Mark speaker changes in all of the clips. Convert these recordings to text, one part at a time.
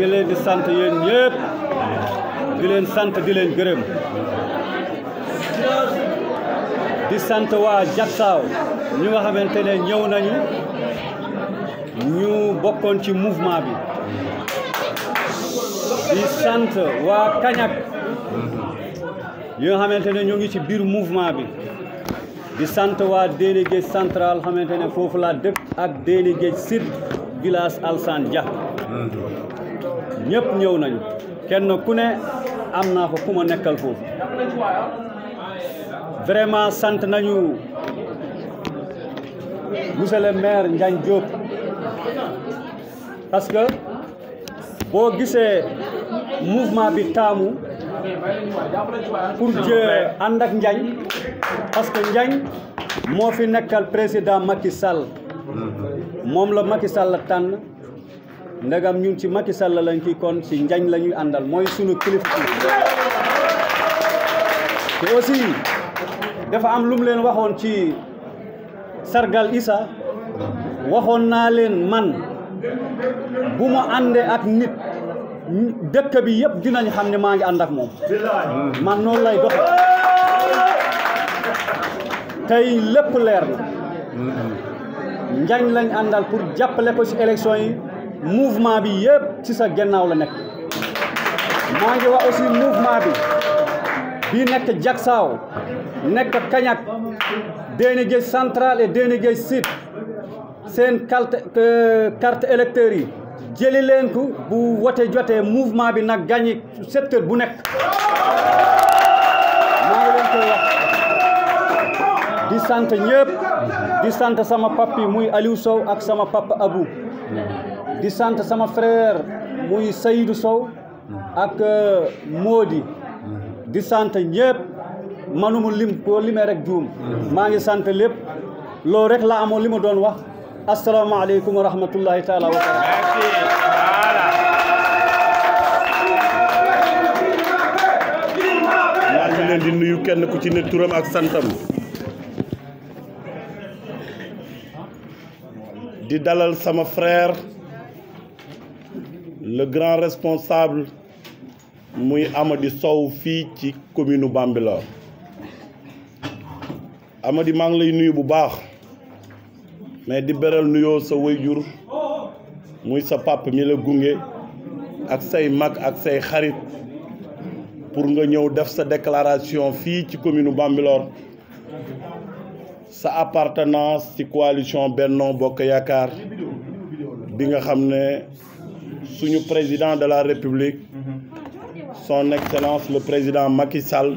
Speaker 1: ngi leen di sant yéen di leen sant di leen gërëm di sant waa Jaksaaw ñu nga xamante ne ñëw nañu ñu bokkoon ci mouvement bi di sant waa Kañak yi nga xamante ne ñoo ngi ci biir mouvement bi di sant waa Déni Géej central xamante ne foofu laa dëkk ak Déni Géej sud village Alsan Dia ñëpp ñëw nañ kenn ku ne am naa fa ku ma nekkal foofu vraiment sant nañu monsieur le maire Ndiagne parce que boo gisee mouvement bi taamu
Speaker 2: pour jë
Speaker 1: ànd ak Ndiagne parce que Ndiagne moo fi nekkal président Macky Sall mm-hmm. moom la Macky Sall tànn ndagam ñun ci Macky Sall lañ ci kon ci njañ lañuy andal moy suñu sunu ci ko aussi dafa am lu mu leen waxon ci sargal Issa waxon na leen man
Speaker 2: buma ande
Speaker 1: ak nit dekk bi yeb dinañ xam ne maa ngi ànd ak moom man non lay dox tay lepp leer na njañ lañ andal pour jàppale ko ci élection yi mouvement bi yëpp ci sa gannaaw la nekk maa ngi wax aussi mouvement bi bii nekk Jaksaaw nekk Kañak Déni central et Déni Géej seen carte euh, carte électeurs yi jëli leen ko bu wote jotee mouvement bi nag gagné secteur bu nekk maa di sant ñëpp di sant sama papi muy Aliou Sow ak sama papa abu di sant sama frère muy Seydou Sow ak euh, moodi di sant ñëpp manuma lim boo limee rek juum maa ngi sant lépp loolu rek laa amoon li ma doon wax asalaamaaleykum wa rahmatullahi taala wa maa ngi
Speaker 2: leen di nuyu kenn ku ci ne turam ak santam di dalal sama frère le grand responsable muy Amady Sow fii ci commune Bambilor Amady maa ngi lay nuyu bu baax mais di beral nuyoo sa wayjur muy sa papa mi la gunge ak say mag ak say xarit pour nga ñëw def sa déclaration fii ci commune Bambilor sa appartenance ci coalition Benno Bokk Yaakaar bi xam ne suñu président de la république son excellence le président Macky Sall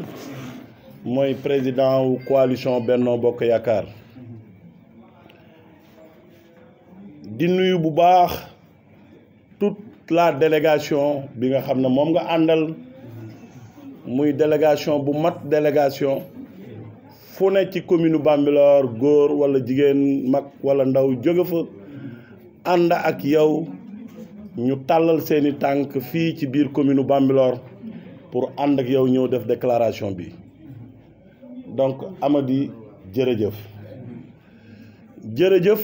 Speaker 2: moy président ou coalition Benno Bokk Yakar. di nuyu bu baax toute la délégation bi nga xamne mom nga andal muy délégation bu mat délégation fu ci commune Bambilor gor wala jigen mak wala ndaw joge fa Anda ak yow ñu tàllal seeni tànk fii ci biir commune Bambilor pour ànd ak yow ñëw def déclaration bi donc Amady jërëjëf jërëjëf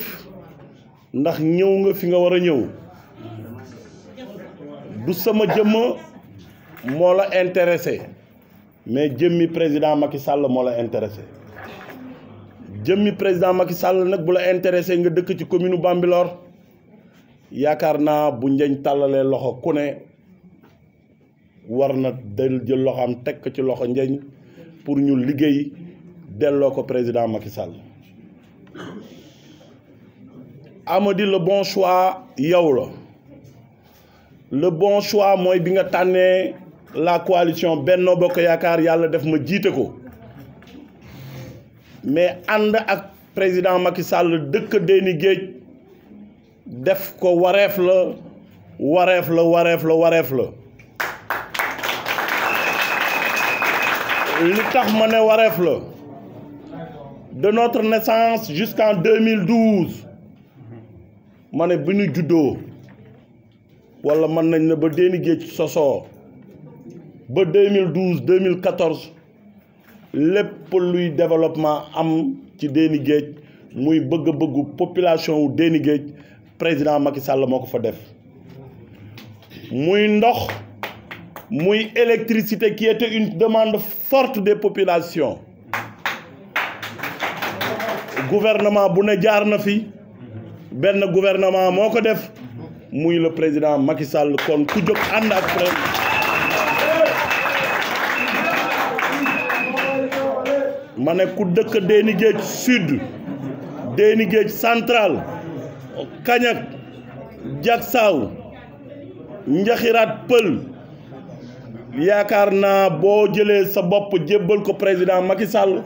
Speaker 2: ndax ñëw nga fi nga war a ñëw du sama jëmma moo la intéressé mais jëmmi président Macky sàll moo la intéressé jëmmi président Macky Sall nag bu la intéressé nga dëkk ci commune Bambilor yaakaar naa bu njëñ tàllalee loxo ku ne war na del jël loxoom teg ci loxo njëñ pour ñu liggéey delloo ko président Macky Sall Amady le bon choix yow la le bon choix mooy bi nga tànnee la coalition Benno Bokk Yaakaar yàlla def ma jiite ko mais ànd ak président Macky Sall dëkk Déni Géej def ko wareef la wareef la wareef la wareef la li tax ma ne wareef la de notre naissance jusqu'en 2012 ma ne bi ñu juddoo wala mën nañ ne ba déeni géej sosoo ba 2012 2014 lépp luy développement am ci déeni géej muy bëgg-bëggu population wu déeni géej président Macky Sall moko fa def muy muy électricité qui était une demande forte des populations gouvernement bu ne jaar na gouvernement moko def muy le président Macky Sall kon ku jóg ànd ak mané ku deuk Déni sud Déni central kañak jagsaaw njaxiraat pël yaakaar naa boo jëlee sa bopp ko président Macky Sall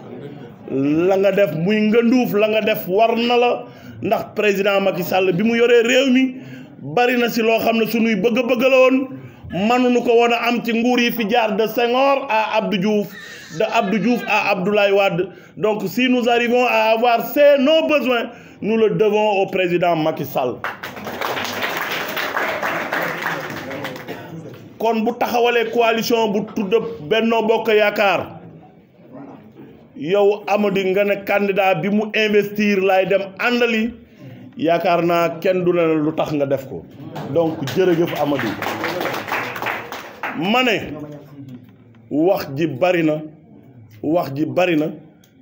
Speaker 2: la nga def muy ngënduuf la nga def war na la ndax président Macky Sall bi mu bari na si loo xam sunuy bëgg-bëgg la Manu ko wona am ci nguur yi fi jaar de Senghor à Abdou Diouf de Abdou Diouf à Abdoulaye Wade donc si nous arrivons à avoir ces nos besoins nous le devons au président Macky Sall. kon bu taxawale coalition bu tudd Benno Bokk yakar yow Amady nga ne candidat bi mu investir lay dem andali yakarna ken du lu nga def ko donc jërëjëf Amadou. mané wax ji bari na wax ji bari na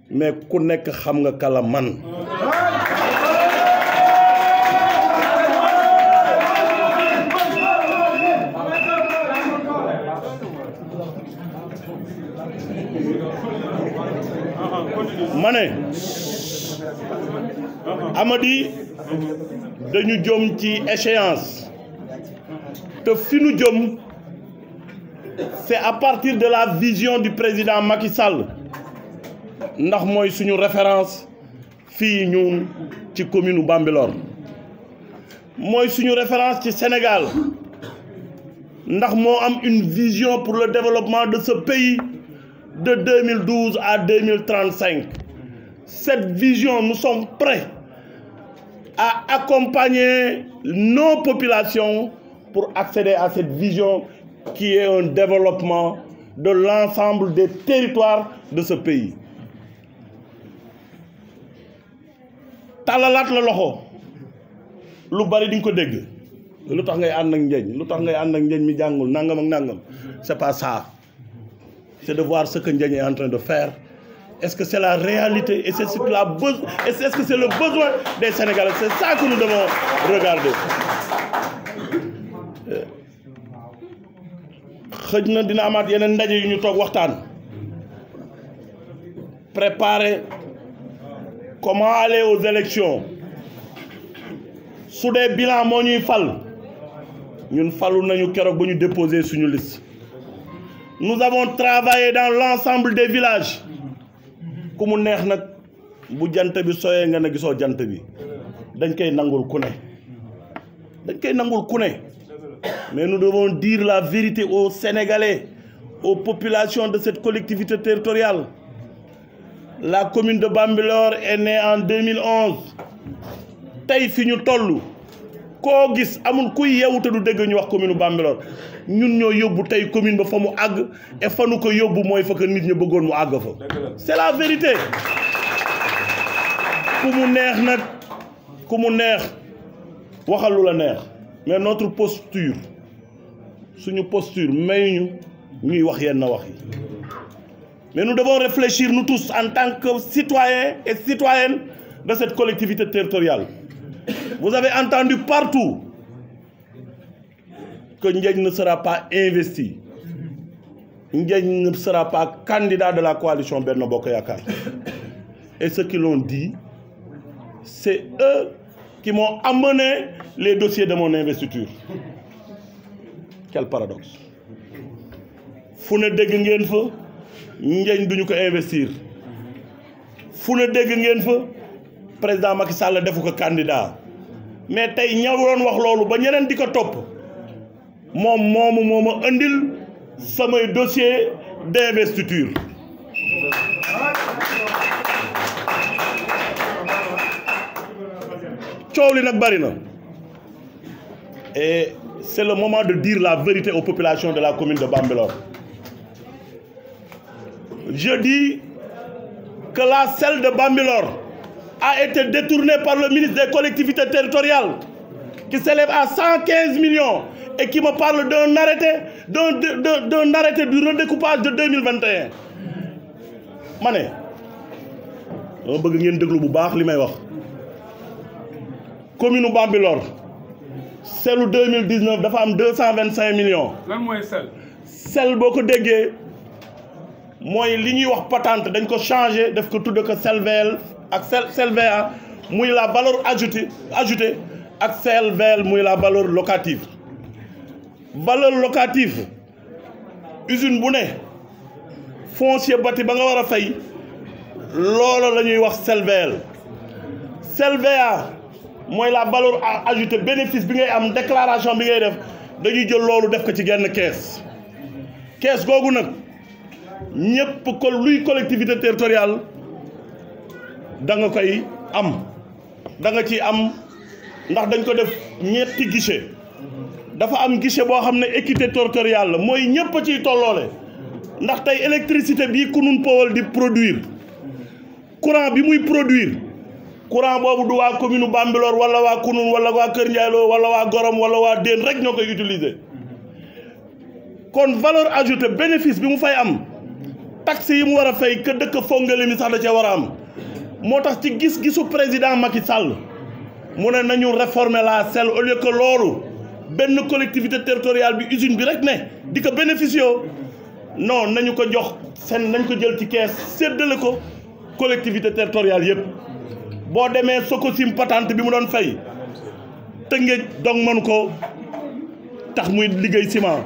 Speaker 2: mais ku nek xam nga kala man mané amadi dañu jom ci échéance te fi nu jom c'est à partir de la vision du président Macky Sall ndax une une référence filles la ci commune Bambilor avons une référence au Sénégal Nous avons une vision pour le développement de ce pays de 2012 à 2035 cette vision nous sommes prêts à accompagner nos populations pour accéder à cette vision qui est un développement de l'ensemble des territoires de ce pays Talalat la loxo lu bari di ko dégg lu tax ngay and ak ñeñ lu tax ngay and ak ñeñ mi jangul nangam ak nangam c'est pas ça c'est de voir ce que ñeñ est en train de faire est-ce que c'est la réalité et c'est la be... est-ce que c'est le besoin des Sénégalais c'est ça que nous devons regarder xëj dina amat yeneen ndaje yu ñu tok waxtaan préparer comment aller aux élections su dee bilan mo ñuy fal ñun falu nañu kérok ba ñu déposer suñu liste nous avons travaillé dans l'ensemble des villages ku mu neex nak bu jant bi sooyee nga na gisoo jant bi dañ koy nangul ku ne dañ koy nangul ku ne mais nous devons dire la vérité aux Sénégalais, aux populations de cette collectivité territoriale. La commune de Bambilor est née en 2011. tey fi ñu est gis amul kuy yeewu te du deug ñu wax commune Bambilor ñun ñoo yobbu tay commune ba famu ag. àgg et ko yobbu moy fa ke nit ñu bëggoon mu àgg fa c'est la vérité ku mu neex nak ku neex waxal la neex mais notre posture c'est une posture mais nous devons réfléchir nous tous en tant que citoyens et citoyennes de cette collectivité territoriale vous avez entendu partout que Ndiaye ne sera pas investi Ndiaye ne sera pas candidat de la coalition Benno et ce qu'ils l'ont dit c'est eux qui m'ont amené les dossiers de mon investiture. Quel paradoxe. fu vous dégg fa ko investir président Macky Sall fait ko candidat mais tay ñaw wax ba ñeneen dossier d'investiture et c'est le moment de dire la vérité aux populations de la commune de Bambelor. je dis que la selle de Bambelor a été détournée par le ministre des collectivités territoriales qui s'élève à 115 millions et qui me parle d'un arrêté, d'un, arrêté du redécoupage de 2021. Mané, je commune Bambilor Celle 2019 dafa am 225 millions. lan mooy sel. sel boo ko déggee mooy li ñuy wax patente dañ ko changer daf ko tudd ko sel ak Selvel. la valeur ajoutée ajoutée ak Selvel, VL la valeur locative valeur locative usine bu foncier bâti ba nga war a fay loola la celle wax sel VL mooy la valeur ajoutée bénéfice bi ngay am déclaration bi ngay def dañuy jël loolu def ko ci genn kees kees googu nag ñëpp ko luy collectivité territoriale da nga koy am da nga ciy am ndax dañ ko def ñetti guichet dafa am guichet boo xam ne équité territoriale la mooy ñëpp ciy tolloole ndax tey électricité bii kunun powal di produire courant bi muy produire courant boobu du waa commune Bambilor wala waa Kounoune wala waa Kër Ndiayloo waa Gorom wala waa Dén rek ñoo koy utiliser kon valeur ajoutée bénéfice bi mu fay am taxe yi mu war a fay ka dëkk Fongolimbi mi sax da cee war a am moo tax ci gis-gisu président Macky Sall mu ne nañu réformer la selle au lieu loolu benn collectivité territoriale bi usine bi rek ne di ko bénéficier non nañu ko jox seen nañ ko jël ci kees séddale ko collectivité territoriale yëpp. boo demee patente bi mu fay ko tax muy ciment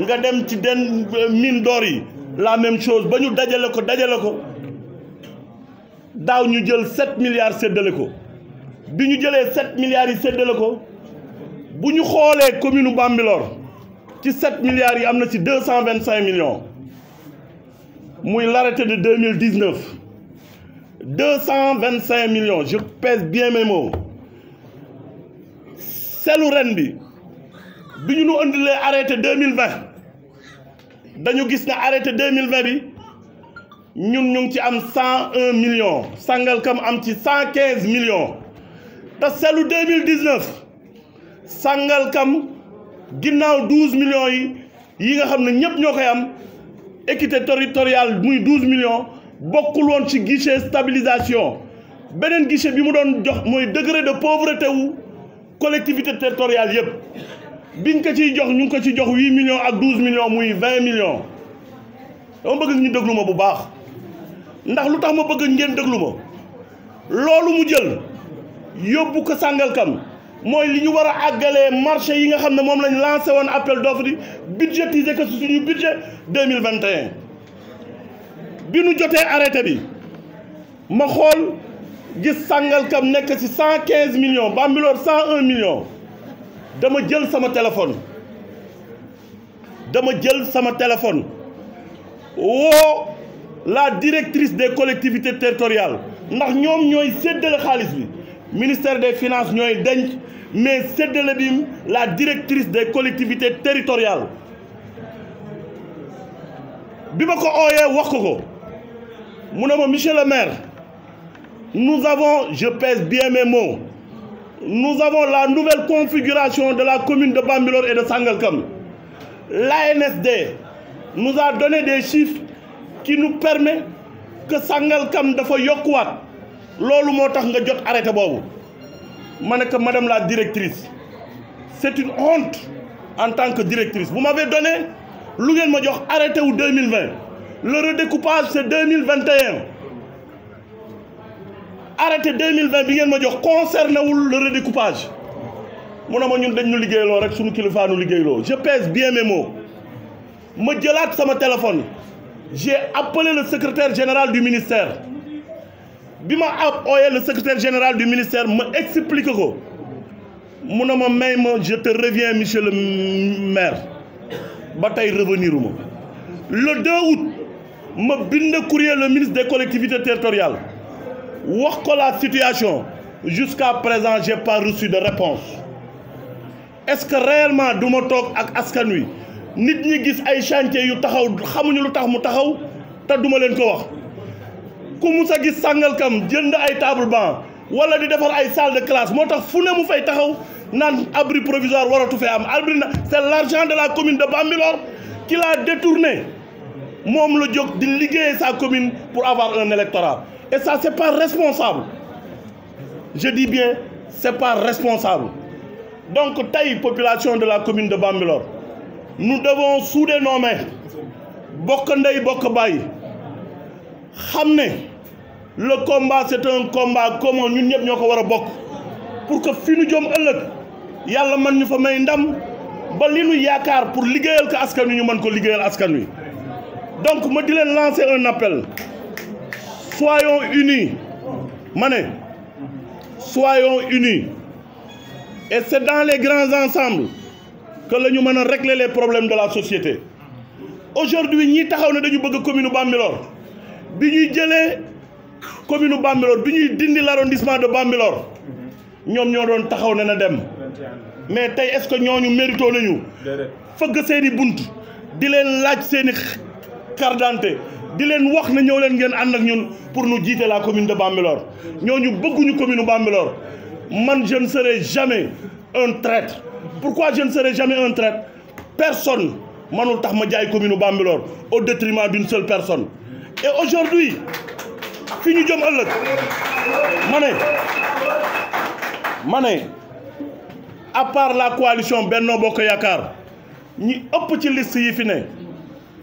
Speaker 2: nga dem ci den euh, mine d'or la même chose nous avons ko ñu jël 7 milliards de ko bi 7 milliards ko commune Bambilor ci 7 milliards yi amna millions muy l'arrêté de 2019. deux cent vingt cinq millions je pèse bien mes mots selu ren bi bi ñu nu indilee arrêté deux mille vingt dañu gis ne arrêté deux mille vingt bi ñun ñu ngi ci am cent un million Sangalkam am ci cent quinze millions te selu deux mille dix neuf Sangalkam ginnaaw douze millions yi yi nga xam ne ñëpp ñoo koy am équité territoriale muy douze millions. bokkul woon ci guichet stabilisation beneen guichet bi mu doon jox mooy degré de pauvreté wu collectivité territoriale yëpp biñ ko ciy jox ñu ngi ko ci jox huit million ak douze millions muy vingt millions dama bëgg ñu déglu ma bu baax ndax lu tax ma bëgg ngeen déglu ma loolu mu jël yóbbu ko Sangalkam mooy li ñu war a àggalee marché yi nga xam ne moom lañ lancé woon appel d'offre di budgétiser ko su ñu budget deux mille vingt et bi nous arrêté bi ma xool gis kam nek ci 115 millions 101 millions, je dama téléphone dama jël sama téléphone Oh, la directrice des collectivités territoriales ndax ñom ñoy de xaliss ministère des finances ñoy denc mais de bi la directrice des collectivités territoriales Si oye ko monsieur le maire nous avons je pèse bien mes mots nous avons la nouvelle configuration de la commune de Bambilor et de Sangalkam l'ANSD nous a donné des chiffres qui nous permettent que Sangalkam ne soit loolu moo arrête nga madame la directrice c'est une honte en tant que directrice vous m'avez donné lu ngeen arrêté en 2020 le redécoupage, c'est 2021. Arrêtez 2020 je ngeen le redécoupage je pèse bien mes mots Je ma sur mon téléphone j'ai appelé le secrétaire général du ministère le secrétaire général du ministère m'explique explique je te reviens monsieur le maire Bataille revenir au le 2 août ma bind courrier le ministre des collectivités territoriales wax ko la situation jusqu'à présent j'ai pas reçu de réponse est-ce que réellement du ma toog ak askan wi nit ñi gis ay chantier yu taxaw xamuñu lu tax mu taxaw te duma leen ko wax ku mus a gis Sangalkam jënd ay table banc wala di defar ay salle de classe moo tax fu ne mu fay taxaw naan abri provisoire waratu fee am abri na c'est l'argent de la commune de Bambilor qui l'a détourné moom le jóg di liguer sa commune pour avoir un électorat et ça c'est pas responsable je dis bien c'est pas responsable donc taille population de la commune de Bambilor nous devons souder nos mains bokk ndey le combat c'est un combat commun Nous, ñëpp ñoo ko pour que fi jom ëlëk yalla man ñu fa may ndam ba li ñu yaakar pour liggéeyal ko askan wi ñu mën ko liggéeyal askan wi donc je di lancer un appel soyons unis soyons unis et c'est dans les grands ensembles que nous allons régler les problèmes de la société aujourd'hui ñi taxaw de dañu bëgg commune Bambilor bi ñuy commune Bambilor Nous sommes dans l'arrondissement de Bambilor Nous ñoo doon taxaw commune de dem mais est-ce que nous mérito que fëgg seeni bunt di leen laaj seeni Cardante, di len wax na ñew leen ak pour nous la commune de Nous ñooñu ñu commune man je ne serai jamais un traître pourquoi je ne serai jamais un traître personne manul tax ma jaay commune de au détriment d'une seule personne et aujourd'hui fi ñu jëm Mané, à part la coalition Benno Bokk nous ñi ëpp ci liste yi fi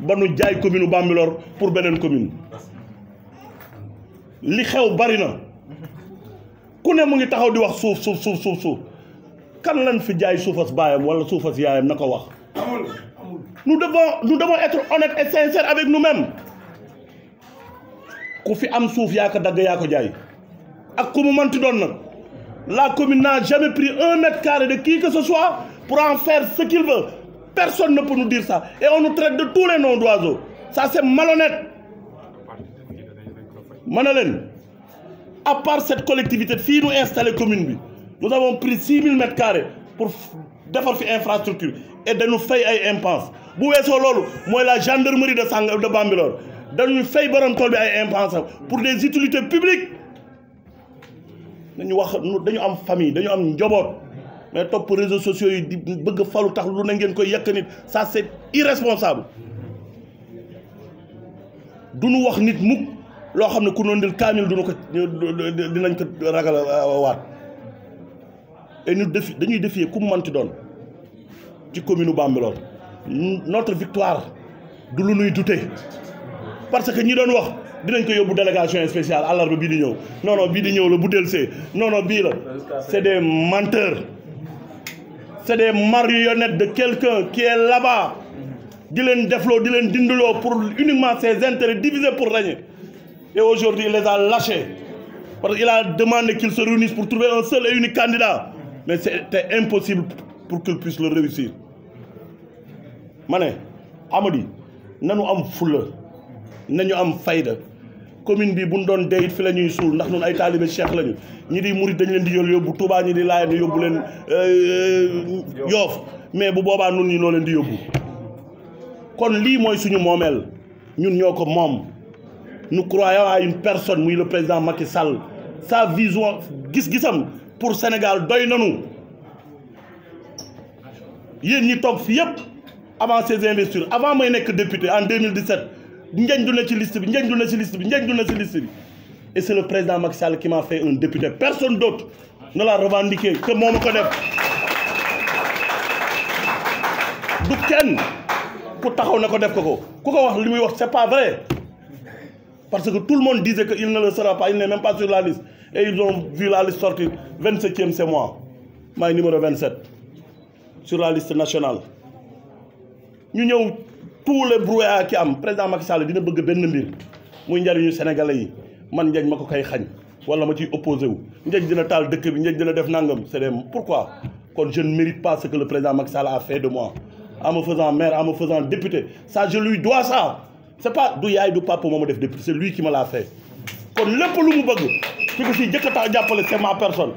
Speaker 2: ba jaay commune Bambilor pour benen commune li xew bari na ku ne mu ngi taxaw di wax souf souf souf souf kan lañ fi jaay soufas bayam wala soufas yaayam nako wax nous devons nous devons être honnêtes et sincères avec nous-mêmes ku fi am souf yaa ko dagg ko jaay ak ku mu mënti don nag la commune n'a jamais pris un mètre carré de qui que ce soit pour en faire ce qu'il veut Personne ne peut nous dire ça. Et on nous traite de tous les noms d'oiseaux. Ça, c'est malhonnête. Manalen, à part cette collectivité, nous une commune, nous avons pris 6000 m2 pour défendre l'infrastructure infrastructure et nous faire ay impense bu la gendarmerie de sang de Bambilor Nous fay borom pour des utilités publiques Nous avons une famille, nous avons am job mais les réseaux sociaux yi bëgg tax lu na ngeen ça c'est irresponsable duñu wax nit que nous xamne ku duñu ko et nous dañuy défier ku manti doon commune notre victoire du lu nuy parce que ñi doon wax dinañ ko délégation spéciale non non bi di la la c'est des menteurs c'est des marionnettes de quelqu'un qui est là-bas Dylan Deflo, Dylan di pour uniquement ses intérêts divisés pour régner et aujourd'hui il les a lâchés Il a demandé qu'ils se réunissent pour trouver un seul et unique candidat mais c'était impossible pour qu'ils puissent le réussir Mané, Amadi, nous nañu am nous sommes commune bi buñ doon dee fi lañuy ñuy suul ndax ñun ay talibé cheikh lañu ñi di murit dañ leen di jël yóbbu Touba ñi di ñu yóbbu leen euh, euh, Yoof mais bu boobaa nun ñi noo leen di yóbbu kon lii mooy suñu moomeel ñun ñoo ko moom nous croyons à une personne muy le président Macky Sall sa vision gis-gisam pour Sénégal doy nañu yéen ñi toog fi yëpp avant ses investitures avant may nekk député en 2017 et c'est le président Macky qui m'a fait un député personne d'autre ne l'a revendiqué que moi. c'est pas vrai parce que tout le monde disait que il ne le sera pas il n'est même pas sur la liste et ils ont vu la liste sortir 27 e c'est moi ma numéro 27 sur la liste nationale pour le brouhaha qui le président Macky Sall dina bëgg benn mbir muy njariñu sénégalais yi man njañ ma ko koy xañ wala ma ciy opposé wu njañ dina taal dëkk bi njañ dina def nangam c'est pourquoi que je ne mérite pas ce que le président Macky Sall a fait de moi en me faisant maire en me faisant député ça je lui dois ça c'est pas du yaay du papa moo ma def député c'est lui qui me l'a fait kon le lu mu bëgg ci ko si jëkk tax c'est ma personne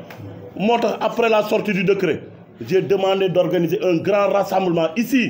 Speaker 2: moo après la sortie du décret j'ai demandé d'organiser un grand rassemblement ici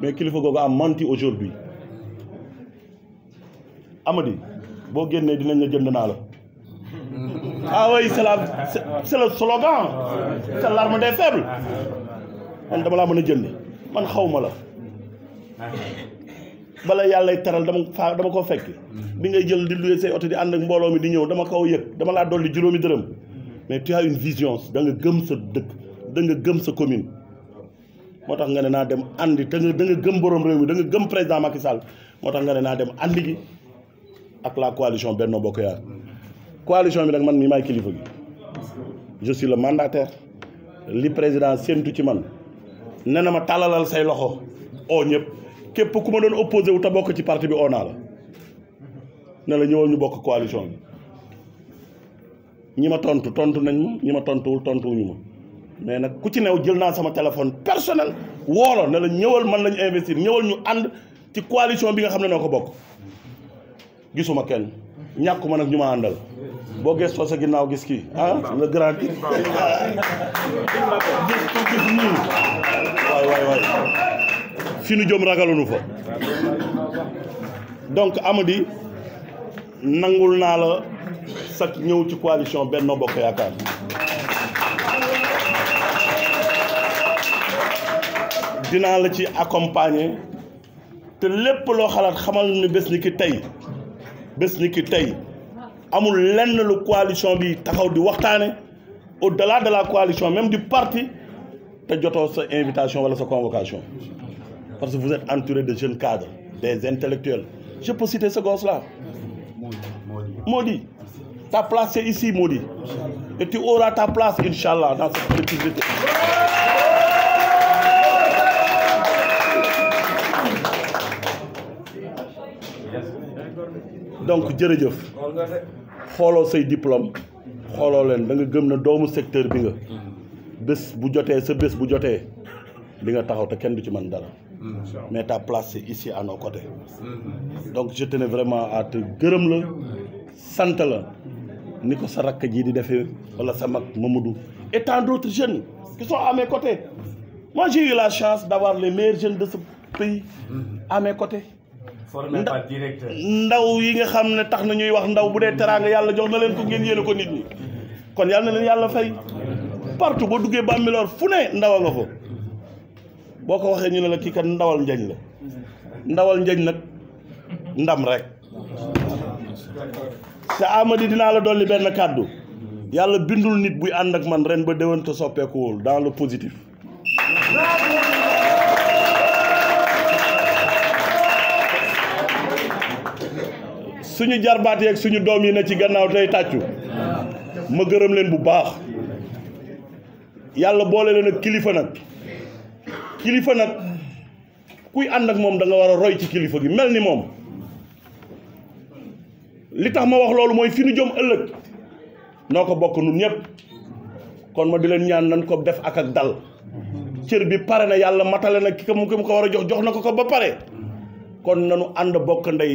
Speaker 2: mais kilifa googu am menti aujourd'hui amadi boo génnee dinañ la jënd naa la ah oui c'est la c'est le slogan c'est man dama laa mën a jënd man xaw ma la bala yàllay teral dama faa dama ko fekk bi ngay jël di luye say oto di ànd ak mbooloo mi di ñëw dama kaw yëg dama laa dolli juróomi dërëm mais tu as une vision da gëm sa dëkk da nga gëm sa commune moo tax nga ne naa dem àndi te nga da gëm borom réew mi da nga gëm président Macky Sall moo tax nga ne naa dem àndi gi ak la coalition Benno Bokk Yaakaar coalition bi nag man mi maay kilifa gi je suis le mandataire li président séentu ci man ne na ma tàllalal say loxo oo ñëpp képp ku ma doon opposé wu te bokk ci parti bi oo naa la ne la ñëwal ñu bokk coalition bi ñi ma tontu tontu nañ ma ñi ma tontuwul tontuwuñu ma mais nag ku ci new jël naa sama téléphone personnel woolo na la ñëwal man lañu investir ñëwal ñu ànd ci coalition bi nga xam ne noo ko bokk gisuma kenn ñàkkuma nag ñu ma àndal boo gëstoo sa ginnaaw gis kii ah le grand fi nu jëm ragalunu fa donc Amady nangul naa la sa ñëw ci coalition benn Bokk Yaakaar Dina, la ci accompagner te lepp lo xalat xamal ni ni ki tay bés ni ki tay amul lenn lu coalition bi taxaw di waxtane au-delà de la coalition même du parti te joto sa invitation wala sa convocation parce que vous êtes entouré de jeunes cadres des intellectuels je peux citer ce gosse là Modi ta place est ici Modi et tu auras ta place inchallah dans cette collectivité donc jërëjëf xooloo say diplôme xooloo leen da nga gëm na doomu secteur bi nga bés bu jotee sa bés bu jotee di nga taxaw te du mais ta place c'est ici à nos côtés donc je tenais vraiment à te gërëm la sant la ni ko sa di wala sa et tant d'autres jeunes qui sont à mes côtés moi j'ai eu la chance d'avoir les meilleurs jeunes de ce pays à mes côtés
Speaker 1: ndaw
Speaker 2: yi nga xamne tax na ñuy wax ndaw bu dé teranga yalla jox na leen ko ngeen yéne ko nit ñi kon yalla na leen yalla fay partout boo duggee bàmmiloor fu né ndaw nga fo boko waxé ñu ne la ki kan ndawal njañ la ndawal njañ nak ndam rek sa amadi dina la doli ben kaddu yalla bindul nit buy and ak man ren ba to te wol dans le positif suñu jarbaat yeeg suñu doom yi na ci gannaaw tey tàccu ma gërëm leen bu baax yàlla boole leen ak kilifa nag kilifa nag kuy ànd ak moom da war a roy ci kilifa gi mel ni moom li tax ma wax loolu mooy fi nu jom ëllëg noo ko bokk nun ñëpp kon ma di leen ñaan nañ ko def ak ak dal cër bi pare na yàlla matale na ki ko mu ko war a jox jox na ko ko ba pare kon nanu ànd bokk ndey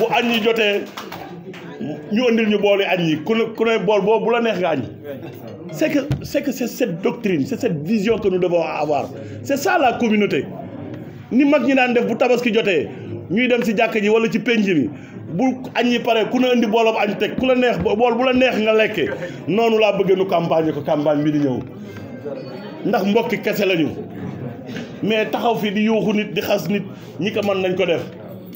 Speaker 2: bu añ yi jotee ñu andil ñu boole añ yi ku ne ku ne bool boobu bu la neex nga añ c'est que c'est que c'est cette doctrine c'est cette vision que nous devons avoir c'est ça la communauté ni mag ñi daan def bu tabaski jotee ñuy dem ci jàkk ji wala ci penc mi bu añ yi pare ku ne indi boolam añ teg ku la neex bool bu la neex nga lekke noonu laa bëggee nu campagne ko campagne bi di ñëw ndax mbokki kese lañu mais taxaw fi di yuuxu nit di xas nit ñi ko mën nañ ko def